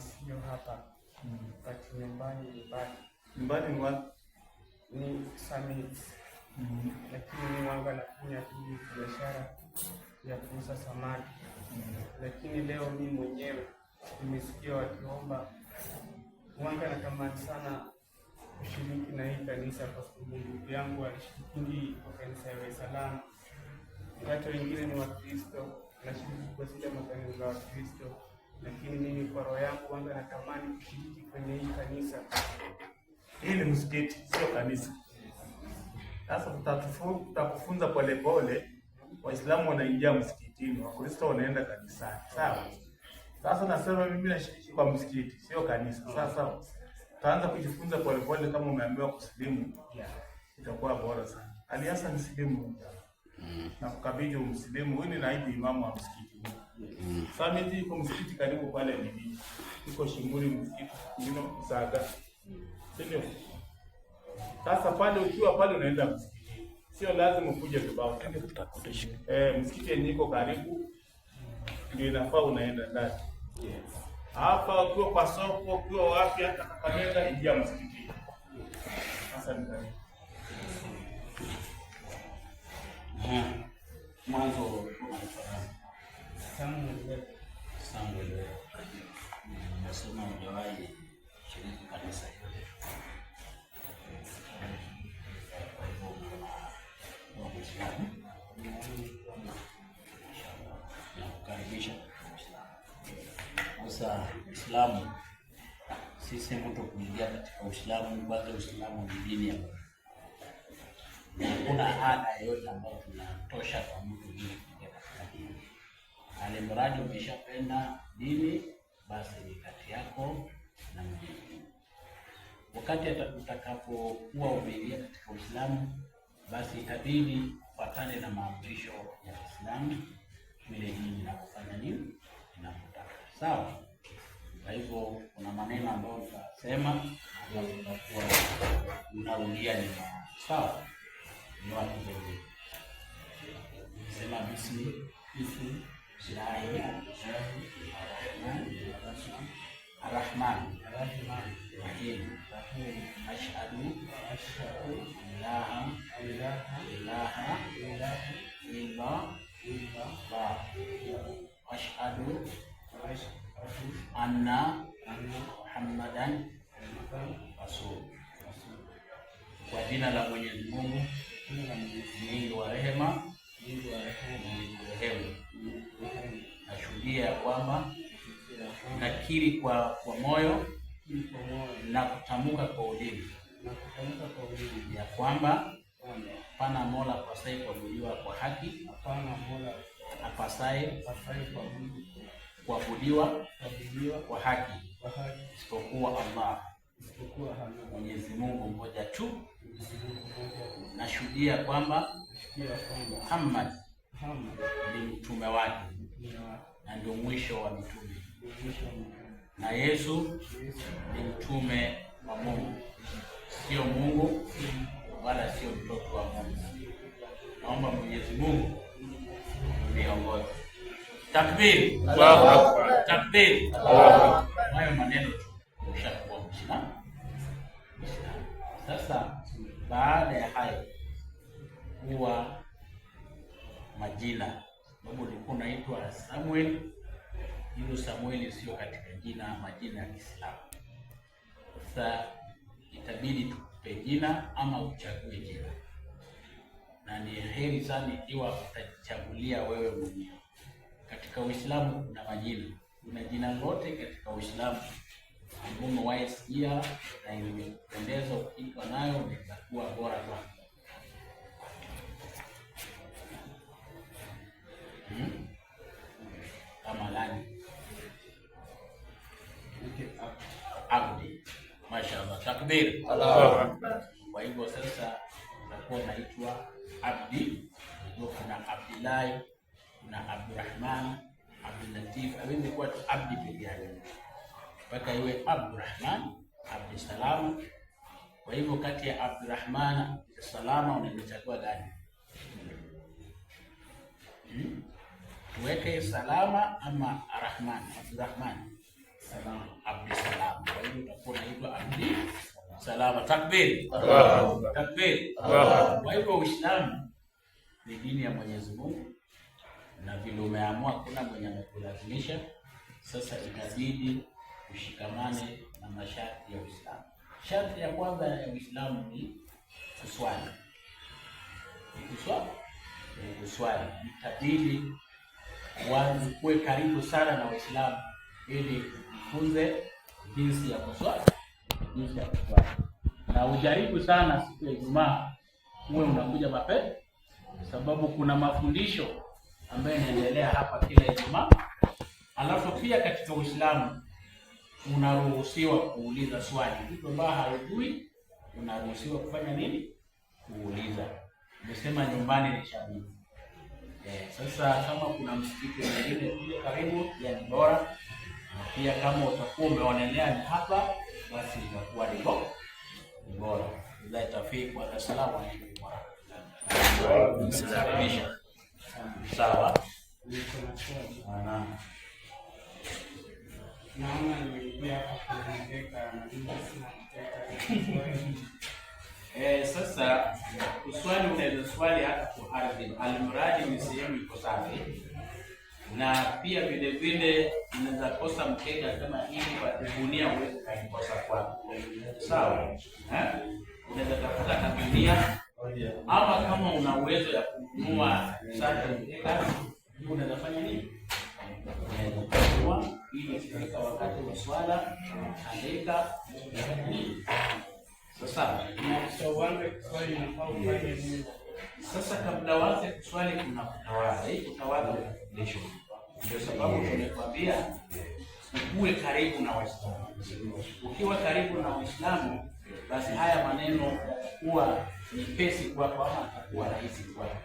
Sio hapa. Mm. But nyumbani ni Nyumbani ni wapi? Ni Summit. Mm. Lakini mimi wangu anafanya tu biashara ya kuuza samaki. Mm. Lakini leo mimi mwenyewe nimesikia wakiomba wanga natamani sana kushiriki na hii kanisa kwa sababu ndugu yangu alishiriki kwa kanisa ya Waislamu. Watu wengine ni Wakristo, nashiriki kwa zile makanisa ya Wakristo lakini mimi kwa roho yangu kwamba natamani kushiriki kwenye hii kanisa. Hii ni msikiti, sio kanisa. Sasa tutakufunza polepole. Waislamu wanaingia msikitini, Wakristo wanaenda kanisani, sawa? Sasa nasema mimi nashiriki kwa msikiti, sio kanisa. Sasa tutaanza kujifunza polepole, kama umeambiwa kusilimu itakuwa bora sana. Aliasa ni msilimu mm. na kukabidhi umsilimu. Huyu ni naibu imamu wa msikiti. Mm. Family iko msikiti karibu pale nini. Iko Shimuli msikiti nino Msaga. Sio. Sasa pale ukiwa pale unaenda msikiti. Sio lazima ukuje vibao. Eh, msikiti yenyewe iko karibu. Ndio inafaa unaenda ndani. Yes. Hapa ukiwa kwa soko, ukiwa wapi hata kamenda ingia msikiti. Sasa ni karibu. Eh, mwanzo Samuel, nasema hujawahi shiriki kanisa na kukaribisha kosa Uislamu. Sisi mtu kuingia katika Uislamu, kwanza Uislamu ni dini ya Mungu, hakuna ada yoyote ambayo tunatosha kwa mtu mradi umeshapenda dini, basi ni kati yako na Mwenyezi Mungu. Wakati utakapokuwa umeingia katika Uislamu, basi itabidi ufuatane na maamrisho ya Uislamu vile dini inakufanya nini, inakutaka sawa. Kwa hivyo kuna maneno ambayo utasema utakuwa unarudia ni sawa. Ni watu wengi sema bismi الله الرحمن الرحيم أشهد أن لا إله إلا الله أشهد أن محمدا رسول kwa jina la Mwenyezi من mwingi wa Biblia ya kwamba nakiri kwa kwa moyo na kutamka kwa ulimi ya kwamba hapana mola apasaye kuabudiwa kwa haki, mola apasaye kuabudiwa kwa haki isipokuwa Allah Mwenyezi Mungu mmoja tu. Nashuhudia kwamba Muhammad ni mtume wake na ndio mwisho wa mitume, na Yesu ni mtume wa Mungu, sio Mungu wala sio mtoto wa Mungu. Naomba Mwenyezi Mungu niongoze. Allahu Akbar. Hayo maneno tu ushakuwa Muislamu. Sasa baada ya hayo huwa majina Mungu ulikuwa unaitwa Samuel. Hilo Samueli sio katika jina majina ya Kiislamu. Sasa itabidi tukupe jina ama uchague jina, na ni heri sana ikiwa utachagulia wewe mwenyewe. Katika Uislamu kuna majina, kuna jina lote katika Uislamu ambao umewasikia na imependeza ukiitwa nayo, inaweza kuwa bora kwako. mashaallah, takbir. Kwa hivyo sasa nakuwa naitwa abdi, kuna Abdillahi, kuna Abdurahman, Abdulatif. Hawezi kuwa tu abdi peke yake, mpaka iwe Abdurahman, Abdisalama. Kwa hivyo kati ya Abdurahman na Abdisalama gani? Hmm? Tuweke salama ama Rahman? Abdurahman Salama, Abdi Salama. Kwa hiyo utakuwa unaitwa Abdi Salama. Takbir, takbir. Kwa hivyo Uislamu ni dini ya Mwenyezi Mungu, na vile umeamua, hakuna mwenye amekulazimisha. Sasa itabidi ushikamane na masharti ya Uislamu. Sharti ya kwanza ya Uislamu ni kuswali. Kuswali ni kuswali, itabidi kuwe karibu sana na Waislamu ili kufunze jinsi ya kuswali, jinsi ya kuswali. Na ujaribu sana siku ya Ijumaa uwe unakuja mapema, sababu kuna mafundisho ambayo yanaendelea hapa kila Ijumaa. Alafu pia katika Uislamu unaruhusiwa kuuliza swali, mtu ambaye haujui unaruhusiwa kufanya nini? Kuuliza. Nimesema nyumbani ni shabiki. Eh, sasa kama kuna msikiti mwingine kule karibu, yani bora pia kama utakuwa umeonelea ni hapa, basi itakuwa ni bora. Bila tafiki wa salamu alaykum Eh, sasa uswali unaweza swali hata kwa ardhi. Almradi ni sehemu iko safi na pia vile vile unaweza kosa mteja kama hii kwa kugunia uweze kukosa kwa sawa. Eh, Unaweza tafuta na ama kama una uwezo ya kununua sasa mteja, unaweza fanya nini? Unaweza ili usifika wakati wa swala andika sasa. Sasa kabla waanze kuswali kuna kutawadha, hii kutawadha ndio ndio sababu tumekwambia ukuwe karibu na Waislamu. Ukiwa karibu na Waislamu, basi haya maneno kuwa nyepesi kwako ama yatakuwa rahisi kwako,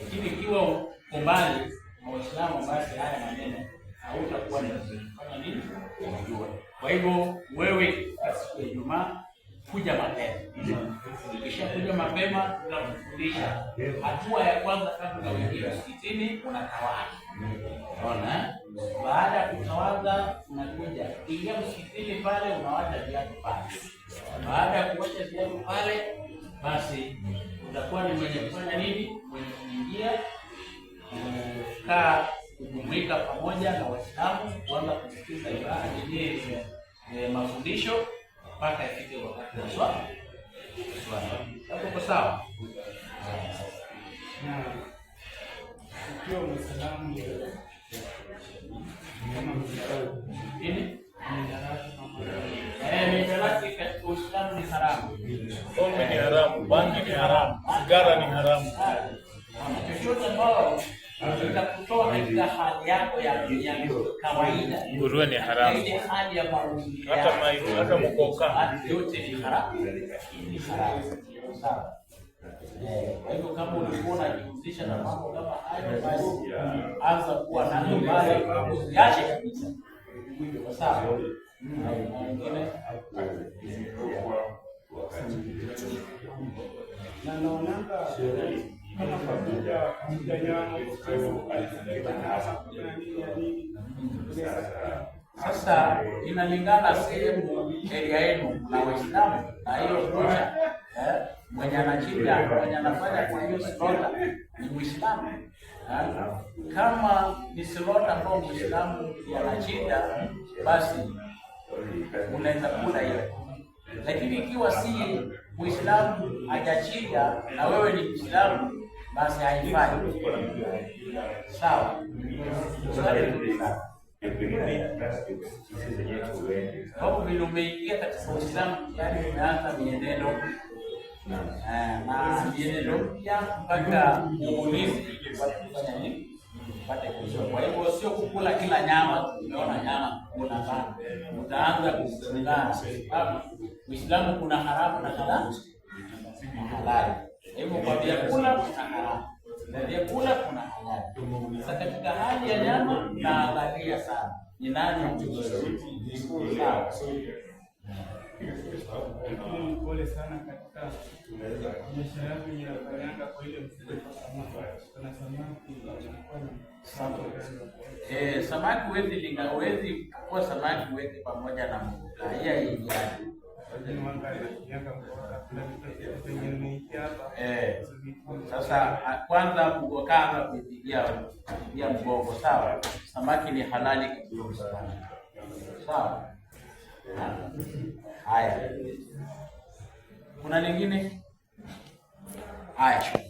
lakini ikiwa uko mbali na Waislamu, basi haya maneno hautakuwa na kufanya nini unajua. Kwa hivyo wewe, siku ya Ijumaa kuja mapema Ukishakuja mapema tunakufundisha hatua ya kwanza, kabla uingia msikitini unatawadha. Unaona, baada ya kutawaza unakuja ingia msikitini pale, unawaja viatu pale. Baada ya kuwacha viatu pale, basi utakuwa ni mwenye kufanya nini? Mwenye kuingia kaa kujumuika pamoja na Waislamu, kuanza kusikiza ibada yenyewe eh, mafundisho mpaka ifike wakati wa swala. Aku pesawat. Nah, oh, Na ukiwa ini. ini katika Uislamu ini, haram. Pombe ini haram, bangi ini haram, sigara ini haramu. Chochote ikakutoa katika hali yako ya kawaida. Nguruwe ni haramu, hali ya maombi, hata maji, hata mkoka, yote ni haramu, ni haramu. Eh, kwa hivyo kama ulikuwa unajihusisha na mambo kama hayo, basi anza kuwa nayo, bali usiache kabisa. Sawa. Na naonanga sasa inalingana sehemu area yenu na Waislamu na hiyo kucha eh, mwenye anachinja mwenye anafanya kwa hiyo slota ni Muislamu eh, kama ni slota ambao Muislamu yanachinja basi unaweza kula hiyo, lakini ikiwa si Muislamu hajachinja na wewe ni Muislamu basi haifai. Sawa, vile umeingia katika Uislamu umeanza yaani mienendo eh, na mienendo mpaka ubunifu kufanya nini Kwa hivyo sio kukula kila nyama, umeona nyama kuna bana, utaanza Uislamu kuna haramu na halali hivyo kwa vyakula kuna halali na vyakula kuna halali. Sasa katika hali ya nyama na angalia sana ni nani Pole sana katika kwa ile eh, samaki. Samaki wezi linga wezi kwa samaki wezi pamoja na mboga. Hii hii. Eh, sasa ah, kwanza kugokana kuipigia kuipigia mgongo sawa. Samaki ni halali kabisa sawa. Haya, kuna lingine haya